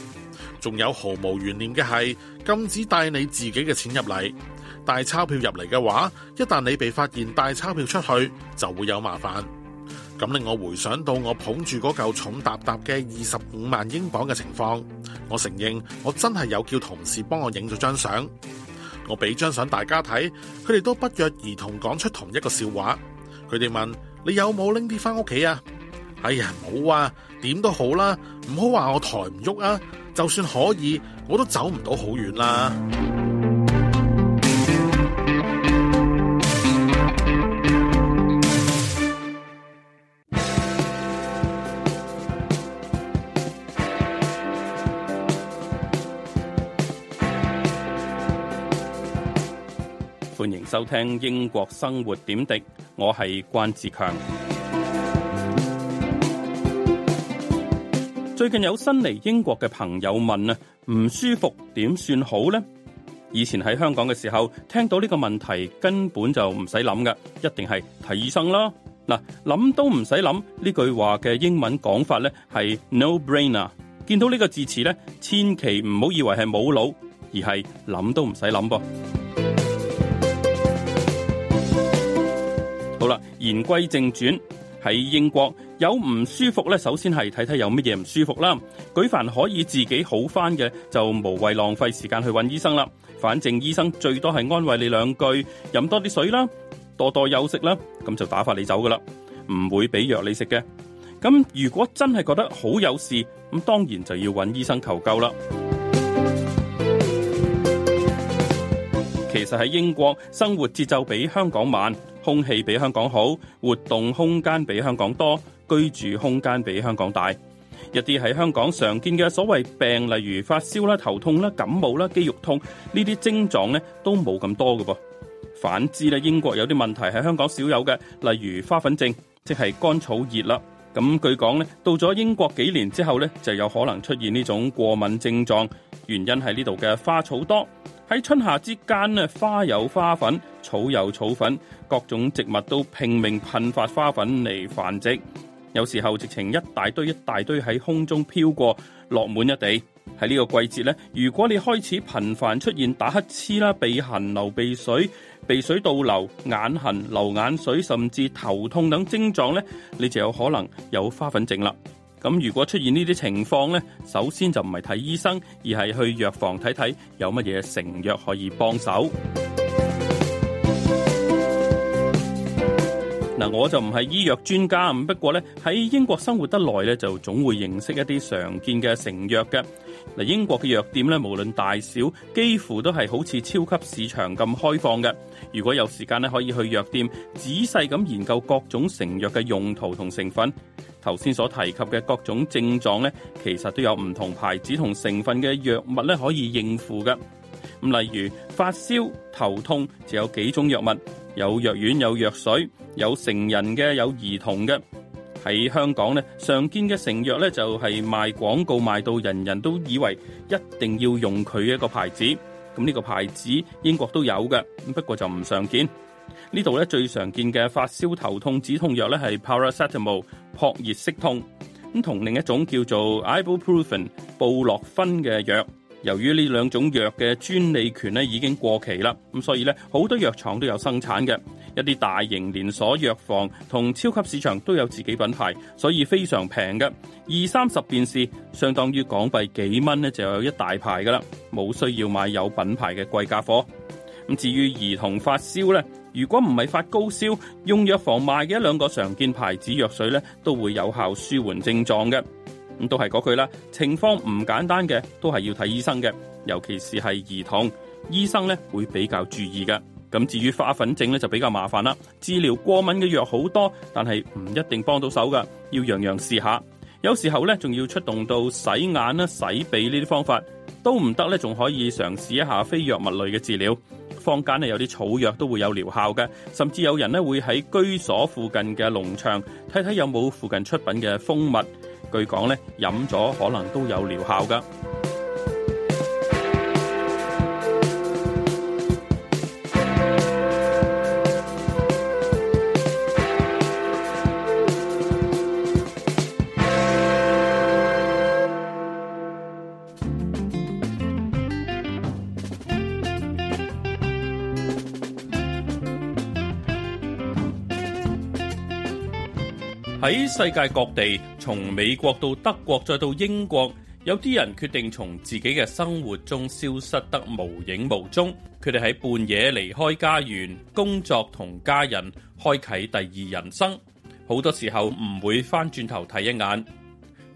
仲有毫無懸念嘅係，禁止帶你自己嘅錢入嚟。帶鈔票入嚟嘅話，一旦你被發現帶鈔票出去，就會有麻煩。咁令我回想到我捧住嗰嚿重沓沓嘅二十五萬英鎊嘅情況，我承認我真係有叫同事幫我影咗張相。我俾張相大家睇，佢哋都不約而同講出同一個笑話。佢哋問你有冇拎啲翻屋企啊？哎呀，冇啊，點都好啦，唔好話我抬唔喐啊，就算可以，我都走唔到好遠啦。收聽英國生活點滴，我係關志強。最近有新嚟英國嘅朋友問啊，唔舒服點算好呢？以前喺香港嘅時候，聽到呢個問題根本就唔使諗嘅，一定係睇醫生啦。嗱，諗都唔使諗呢句話嘅英文講法咧係 no brainer。見到呢個字詞咧，千祈唔好以為係冇腦，而係諗都唔使諗噃。言歸正傳，喺英國有唔舒服咧，首先係睇睇有乜嘢唔舒服啦。舉凡可以自己好返嘅，就無謂浪費時間去揾醫生啦。反正醫生最多係安慰你兩句，飲多啲水啦，多多休息啦，咁就打發你走噶啦，唔會俾藥你食嘅。咁如果真係覺得好有事，咁當然就要揾醫生求救啦。其實喺英國生活節奏比香港慢。空氣比香港好，活動空間比香港多，居住空間比香港大。一啲喺香港常見嘅所謂病，例如發燒啦、頭痛啦、感冒啦、肌肉痛呢啲症狀咧，都冇咁多嘅噃。反之咧，英國有啲問題係香港少有嘅，例如花粉症，即係乾草熱啦。咁據講咧，到咗英國幾年之後咧，就有可能出現呢種過敏症狀，原因係呢度嘅花草多。喺春夏之間咧，花有花粉，草有草粉，各種植物都拼命噴發花粉嚟繁殖。有時候直情一大堆一大堆喺空中飄過，落滿一地。喺呢個季節咧，如果你開始頻繁出現打乞嗤啦、鼻痕、流鼻水、鼻水倒流、眼痕、流眼水，甚至頭痛等症狀咧，你就有可能有花粉症啦。咁如果出現呢啲情況呢，首先就唔係睇醫生，而係去藥房睇睇有乜嘢成藥可以幫手。嗱， 我就唔係醫藥專家，不過呢，喺英國生活得耐呢，就總會認識一啲常見嘅成藥嘅。嗱，英國嘅藥店咧，無論大小，幾乎都係好似超級市場咁開放嘅。如果有時間咧，可以去藥店仔細咁研究各種成藥嘅用途同成分。頭先所提及嘅各種症狀咧，其實都有唔同牌子同成分嘅藥物咧可以應付㗎。咁例如發燒、頭痛，就有幾種藥物，有藥丸、有藥水、有成人嘅、有兒童嘅。喺香港咧，常見嘅成藥咧就係賣廣告賣到人人都以為一定要用佢一個牌子。咁呢個牌子英國都有嘅，不過就唔常見。呢度咧最常見嘅發燒頭痛止痛藥咧係 Paracetamol 撲熱息痛，咁同另一種叫做 Ibuprofen 布洛芬嘅藥。由於呢兩種藥嘅專利權咧已經過期啦，咁所以咧好多藥廠都有生產嘅，一啲大型連鎖藥房同超級市場都有自己品牌，所以非常平嘅，二三十便士，相當於港幣幾蚊咧就有一大排噶啦，冇需要買有品牌嘅貴價貨。咁至於兒童發燒咧，如果唔係發高燒，用藥房賣嘅一兩個常見牌子藥水咧，都會有效舒緩症狀嘅。咁都係嗰句啦，情況唔簡單嘅，都係要睇醫生嘅。尤其是係兒童，醫生咧會比較注意嘅。咁至於花粉症咧，就比較麻煩啦。治療過敏嘅藥好多，但係唔一定幫到手噶。要樣樣試下，有時候咧仲要出動到洗眼啦、洗鼻呢啲方法都唔得咧，仲可以嘗試一下非藥物類嘅治療。坊間咧有啲草藥都會有療效嘅，甚至有人咧會喺居所附近嘅農場睇睇有冇附近出品嘅蜂蜜。據講咧，飲咗可能都有療效㗎。喺世界各地，從美國到德國再到英國，有啲人決定從自己嘅生活中消失得無影無蹤。佢哋喺半夜離開家園、工作同家人，開啟第二人生，好多時候唔會翻轉頭睇一眼。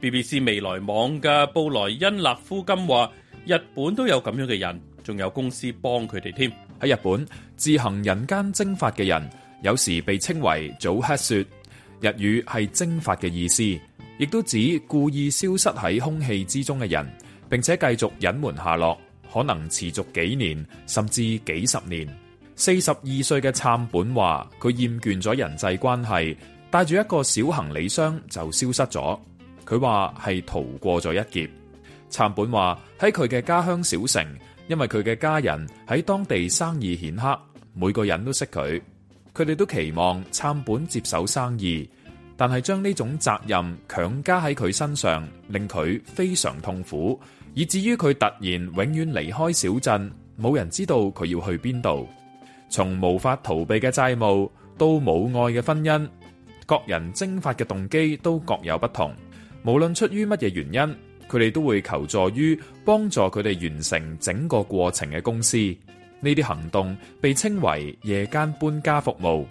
BBC 未來網嘅布萊恩勒夫金話：日本都有咁樣嘅人，仲有公司幫佢哋添。喺日本，自行人間蒸發嘅人有時被稱為早黑雪。日語係蒸發嘅意思，亦都指故意消失喺空氣之中嘅人，並且繼續隱瞞下落，可能持續幾年甚至幾十年。四十二歲嘅杉本話：佢厭倦咗人際關係，帶住一個小行李箱就消失咗。佢話係逃過咗一劫。杉本話喺佢嘅家鄉小城，因為佢嘅家人喺當地生意顯赫，每個人都識佢。佢哋都期望參本接手生意，但係將呢種責任強加喺佢身上，令佢非常痛苦，以至於佢突然永遠離開小鎮，冇人知道佢要去邊度。從無法逃避嘅債務到冇愛嘅婚姻，各人蒸發嘅動機都各有不同。無論出於乜嘢原因，佢哋都會求助於幫助佢哋完成整個過程嘅公司。呢啲行動被稱為夜間搬家服務，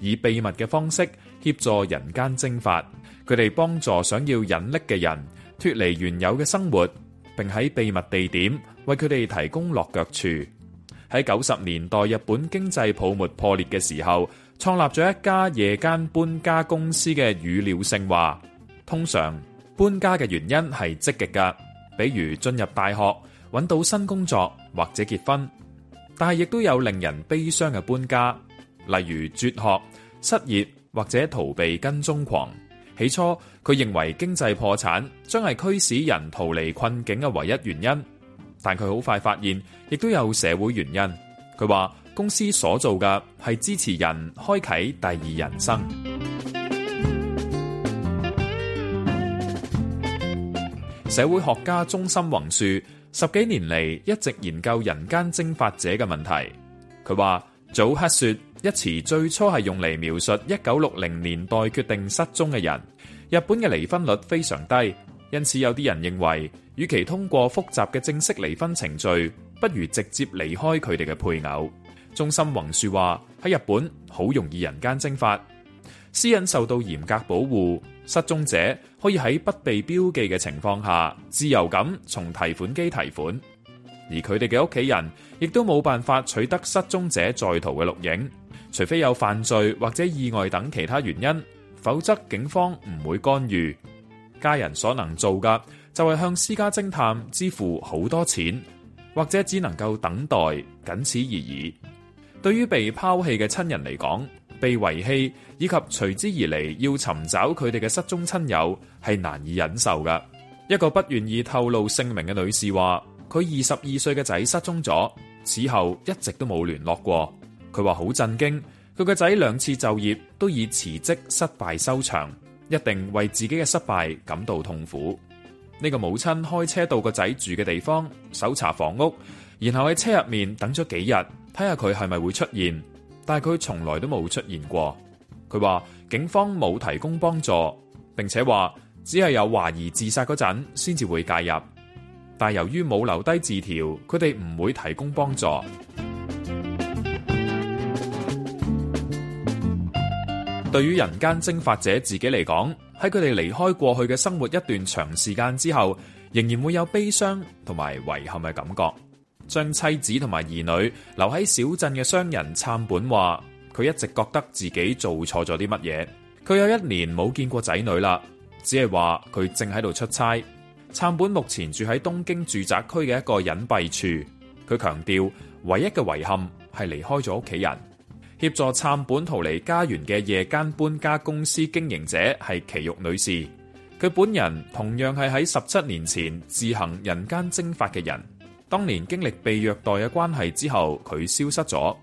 以秘密嘅方式協助人間蒸發。佢哋幫助想要隱匿嘅人脫離原有嘅生活，並喺秘密地點為佢哋提供落腳處。喺九十年代日本經濟泡沫破裂嘅時候，創立咗一家夜間搬家公司嘅羽鳥勝話：通常搬家嘅原因係積極㗎，比如進入大學、揾到新工作或者結婚。但係亦都有令人悲傷嘅搬家，例如輟學、失業或者逃避跟蹤狂。起初，佢認為經濟破產將係驅使人逃離困境嘅唯一原因，但佢好快發現，亦都有社會原因。佢話公司所做嘅係支持人開啟第二人生。社會學家中心宏樹。十幾年嚟一直研究人間蒸發者嘅問題，佢話早黑說一詞最初係用嚟描述一九六零年代決定失蹤嘅人。日本嘅離婚率非常低，因此有啲人認為，與其通過複雜嘅正式離婚程序，不如直接離開佢哋嘅配偶。中心宏樹話喺日本好容易人間蒸發，私隱受到嚴格保護。失蹤者可以喺不被標記嘅情況下自由咁從提款機提款，而佢哋嘅屋企人亦都冇辦法取得失蹤者在逃嘅錄影，除非有犯罪或者意外等其他原因，否則警方唔會干預。家人所能做嘅就係向私家偵探支付好多錢，或者只能夠等待，僅此而已。對於被拋棄嘅親人嚟講，被遺棄以及隨之而嚟要尋找佢哋嘅失蹤親友係難以忍受噶。一個不願意透露姓名嘅女士話：佢二十二歲嘅仔失蹤咗，此後一直都冇聯絡過。佢話好震驚，佢個仔兩次就業都以辭職失敗收場，一定為自己嘅失敗感到痛苦。呢個母親開車到個仔住嘅地方搜查房屋，然後喺車入面等咗幾日，睇下佢係咪會出現。但佢從來都冇出現過。佢話警方冇提供幫助，並且話只係有懷疑自殺嗰陣先至會介入。但由於冇留低字條，佢哋唔會提供幫助。 對於人間蒸發者自己嚟講，喺佢哋離開過去嘅生活一段長時間之後，仍然會有悲傷同埋遺憾嘅感覺。將妻子同埋兒女留喺小鎮嘅商人杉本話，佢一直覺得自己做錯咗啲乜嘢。佢有一年冇見過仔女啦，只係話佢正喺度出差。杉本目前住喺東京住宅區嘅一個隱蔽處。佢強調，唯一嘅遺憾係離開咗屋企人。協助杉本逃離家園嘅夜間搬家公司經營者係奇玉女士。佢本人同樣係喺十七年前自行人間蒸發嘅人。當年經歷被虐待嘅關係之後，佢消失咗。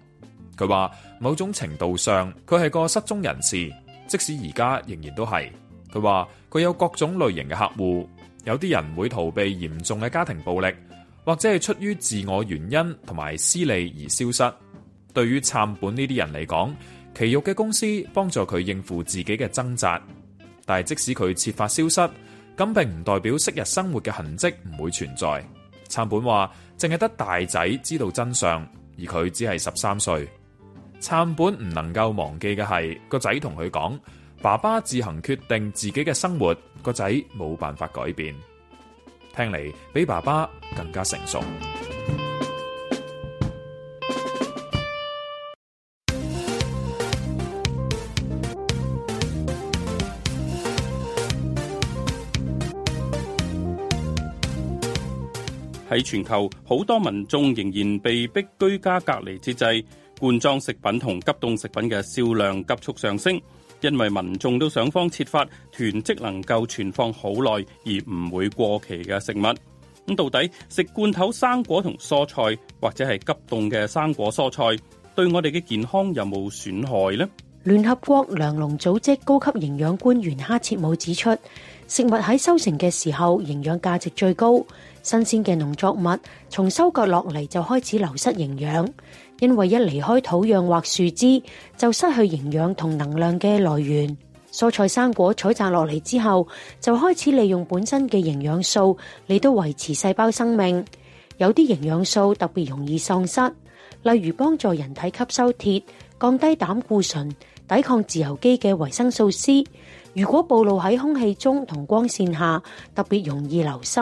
佢話某種程度上，佢係個失蹤人士，即使而家仍然都係。佢話佢有各種類型嘅客戶，有啲人會逃避嚴重嘅家庭暴力，或者係出於自我原因同埋私利而消失。對於杉本呢啲人嚟講，奇玉嘅公司幫助佢應付自己嘅掙扎。但係即使佢設法消失，咁並唔代表昔日生活嘅痕跡唔會存在。杉本話，淨係得大仔知道真相，而佢只係十三歲。杉本唔能夠忘記嘅係個仔同佢講，爸爸自行決定自己嘅生活，個仔冇辦法改變。聽嚟比爸爸更加成熟。喺全球，好多民眾仍然被迫居家隔離之際，罐裝食品同急凍食品嘅銷量急速上升，因為民眾都想方設法囤積能夠存放好耐而唔會過期嘅食物。咁到底食罐頭生果同蔬菜，或者係急凍嘅生果蔬菜，對我哋嘅健康有冇損害呢？聯合國糧農組織高級營養官員哈切姆指出，食物喺收成嘅時候，營養價值最高。新鮮嘅農作物從收割落嚟，就開始流失營養，因為一離開土壤或樹枝就失去營養同能量嘅來源。蔬菜、生果採摘落嚟之後就開始利用本身嘅營養素嚟到維持細胞生命。有啲營養素特別容易喪失，例如幫助人體吸收鐵、降低膽固醇、抵抗自由基嘅維生素 C。如果暴露喺空氣中同光線下，特別容易流失。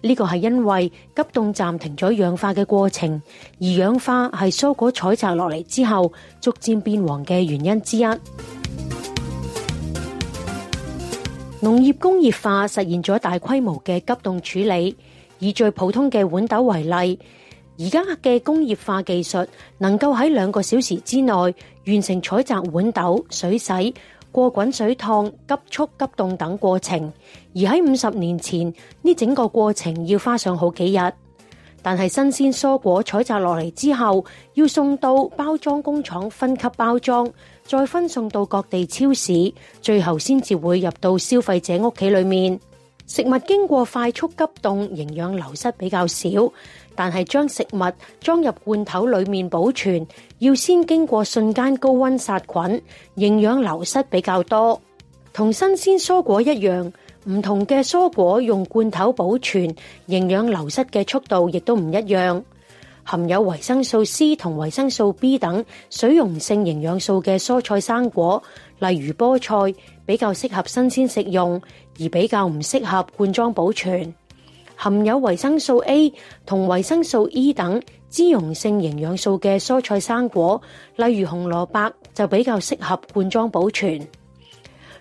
呢個係因為急凍暫停咗氧化嘅過程，而氧化係蔬果採摘落嚟之後逐漸變黃嘅原因之一。農業工業化實現咗大規模嘅急凍處理，以最普通嘅豌豆為例，而家嘅工業化技術能夠喺兩個小時之內完成採摘豌豆、水洗。過滾水燙、急速急凍等過程，而喺五十年前，呢整個過程要花上好幾日。但係新鮮蔬果採摘落嚟之後，要送到包裝工廠分級包裝，再分送到各地超市，最後先至會入到消費者屋企裏面。食物經過快速急凍，營養流失比較少。但係將食物裝入罐頭裏面保存，要先經過瞬間高温殺菌，營養流失比較多。同新鮮蔬果一樣，唔同嘅蔬果用罐頭保存，營養流失嘅速度亦都唔一樣。含有維生素 C 同維生素 B 等水溶性營養素嘅蔬菜生果，例如菠菜，比較適合新鮮食用，而比較唔適合罐裝保存。含有維生素 A 同維生素 E 等脂溶性營養素嘅蔬菜生果，例如紅蘿蔔就比較適合罐裝保存。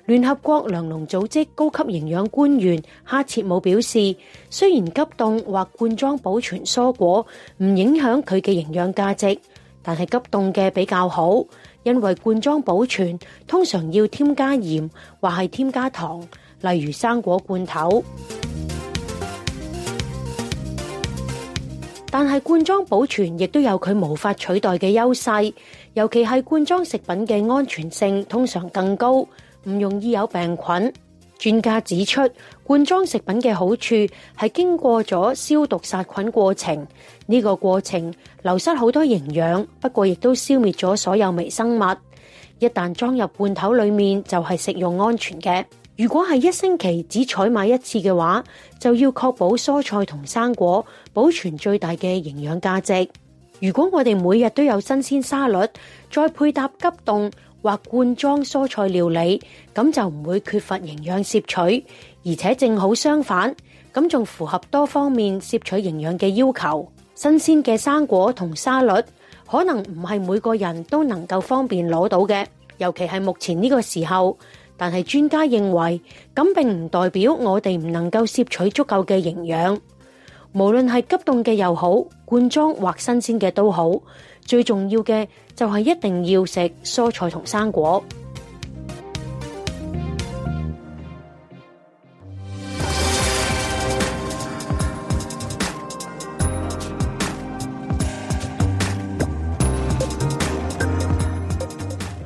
聯合國糧農組織高級營養官員哈切姆表示，雖然急凍或罐裝保存蔬果唔影響佢嘅營養價值，但係急凍嘅比較好，因為罐裝保存通常要添加鹽或係添加糖，例如生果罐頭。但係罐裝保存亦都有佢無法取代嘅優勢，尤其係罐裝食品嘅安全性通常更高，唔容易有病菌。專家指出，罐裝食品嘅好處係經過咗消毒殺菌過程，呢個過程流失好多營養，不過亦都消滅咗所有微生物。一旦裝入罐頭裏面，就係食用安全嘅。如果係一星期只採買一次嘅話，就要確保蔬菜同生果保存最大嘅營養價值。如果我哋每日都有新鮮沙律，再配搭急凍或罐裝蔬菜料理，咁就唔會缺乏營養攝取，而且正好相反，咁仲符合多方面攝取營養嘅要求。新鮮嘅生果同沙律可能唔係每個人都能夠方便攞到嘅，尤其係目前呢個時候。但係專家認為，咁並唔代表我哋唔能夠攝取足夠嘅營養。無論係急凍嘅又好，罐裝或新鮮嘅都好，最重要嘅就係一定要食蔬菜同生果。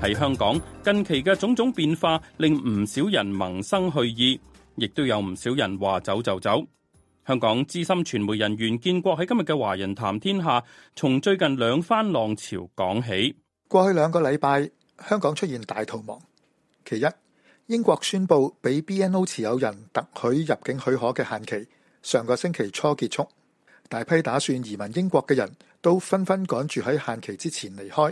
喺香港近期嘅種種變化，令唔少人萌生去意，亦都有唔少人話走就走。香港資深傳媒人袁建國喺今日嘅《華人談天下》從最近兩翻浪潮講起。過去兩個禮拜，香港出現大逃亡。其一，英國宣布俾 BNO 持有人特許入境許可嘅限期上個星期初結束，大批打算移民英國嘅人都紛紛趕住喺限期之前離開。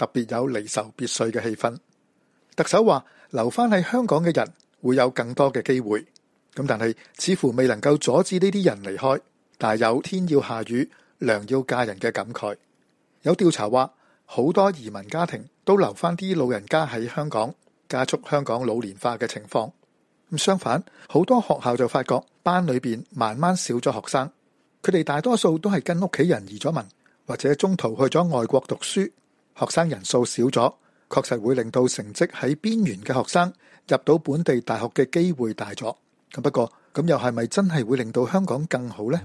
特別有離愁別緒嘅氣氛。特首話：留返喺香港嘅人會有更多嘅機會。咁，但係似乎未能夠阻止呢啲人離開。但係有天要下雨，娘要嫁人嘅感慨。有調查話，好多移民家庭都留返啲老人家喺香港，加速香港老年化嘅情況。咁相反，好多學校就發覺班裏邊慢慢少咗學生。佢哋大多數都係跟屋企人移咗民，或者中途去咗外國讀書。學生人數少咗，確實會令到成績喺邊緣嘅學生入到本地大學嘅機會大咗。咁不過咁又係咪真係會令到香港更好呢？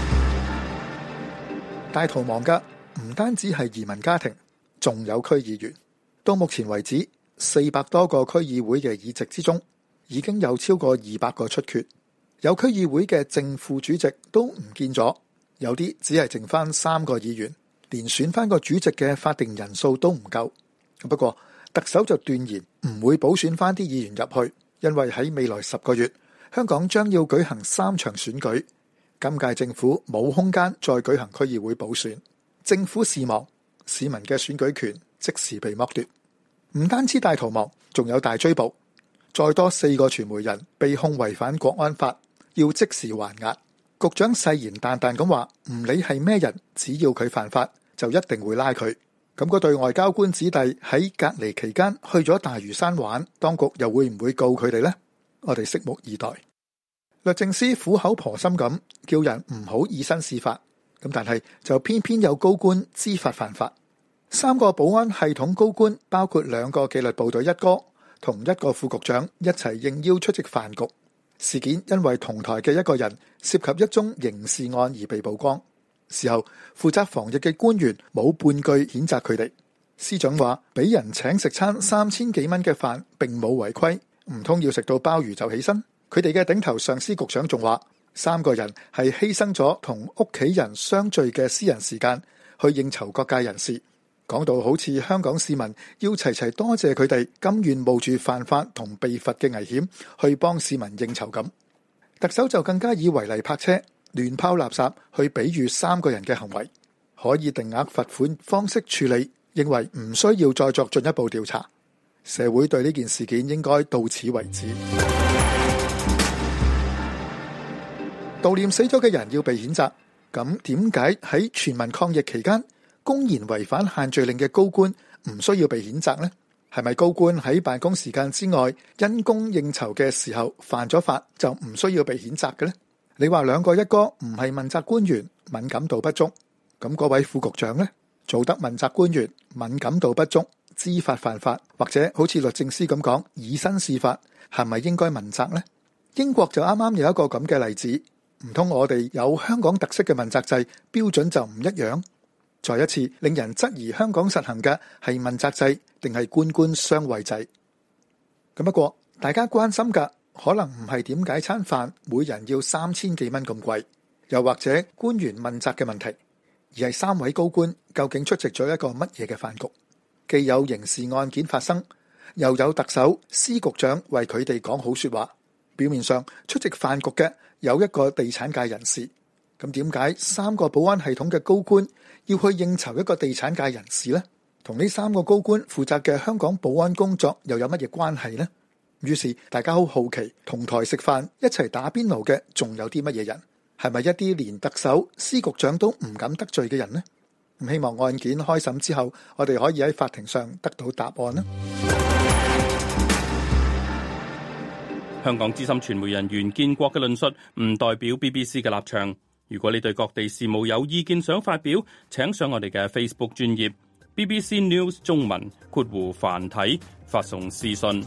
大逃亡噶，唔單止係移民家庭，仲有區議員。到目前為止，四百多個區議會嘅議席之中，已經有超過二百個出缺，有區議會嘅正副主席都唔見咗，有啲只係剩翻三個議員。連選翻個主席嘅法定人數都唔夠，不過特首就斷言唔會補選翻啲議員入去，因為喺未來十個月，香港將要舉行三場選舉。今屆政府冇空間再舉行區議會補選，政府事忙，市民嘅選舉權即時被剝奪。唔單止大逃亡，仲有大追捕，再多四個傳媒人被控違反國安法，要即時還押。局長誓言旦旦咁話：唔理係咩人，只要佢犯法。就一定會拉佢。咁，嗰對外交官子弟喺隔離期間去咗大嶼山玩，當局又會唔會告佢哋呢？我哋拭目以待。律政司苦口婆心咁叫人唔好以身試法，咁但係就偏偏有高官知法犯法。三個保安系統高官，包括兩個紀律部隊一哥同一個副局長一齊應邀出席飯局。事件因為同台嘅一個人涉及一宗刑事案而被曝光。時候負責防疫嘅官員冇半句譴責佢哋。司長話俾人請食餐三千幾蚊嘅飯，並冇違規，唔通要食到鮑魚就起身？佢哋嘅頂頭上司局長仲話：三個人係犧牲咗同屋企人相聚嘅私人時間去應酬各界人士，講到好似香港市民要齊齊多謝佢哋，甘願冒住犯法同被罰嘅危險去幫市民應酬咁。特首就更加以為例泊車。亂拋垃圾，去比喻三個人嘅行為，可以定額罰款方式處理，認為唔需要再作進一步調查。社會對呢件事件應該到此為止。悼 念死咗嘅人要被譴責，咁點解喺全民抗疫期間公然違反限聚令嘅高官唔需要被譴責呢？係咪高官喺辦公時間之外因公應酬嘅時候犯咗法就唔需要被譴責嘅呢？你話兩個一哥唔係問責官員，敏感度不足，咁嗰位副局長呢？做得問責官員，敏感度不足，知法犯法，或者好似律政司咁講以身試法，係咪應該問責呢？英國就啱啱有一個咁嘅例子，唔通我哋有香港特色嘅問責制標準就唔一樣？再一次令人質疑香港實行嘅係問責制定係官官相衛制？咁不過大家關心㗎。可能唔係點解餐飯每人要三千幾蚊咁貴，又或者官員問責嘅問題，而係三位高官究竟出席咗一個乜嘢嘅飯局？既有刑事案件發生，又有特首司局長為佢哋講好說話。表面上出席飯局嘅有一個地產界人士，咁點解三個保安系統嘅高官要去應酬一個地產界人士呢？同呢三個高官負責嘅香港保安工作又有乜嘢關係呢？於是大家好好奇，同台食飯，一齊打邊爐嘅，仲有啲乜嘢人？係咪一啲連特首司局長都唔敢得罪嘅人呢？唔希望案件開審之後，我哋可以喺法庭上得到答案啦。香港資深傳媒人袁建國嘅論述唔代表 BBC 嘅立場。如果你對各地事務有意見想發表，請上我哋嘅 Facebook 專頁 BBC News 中文括弧，繁體發送私信。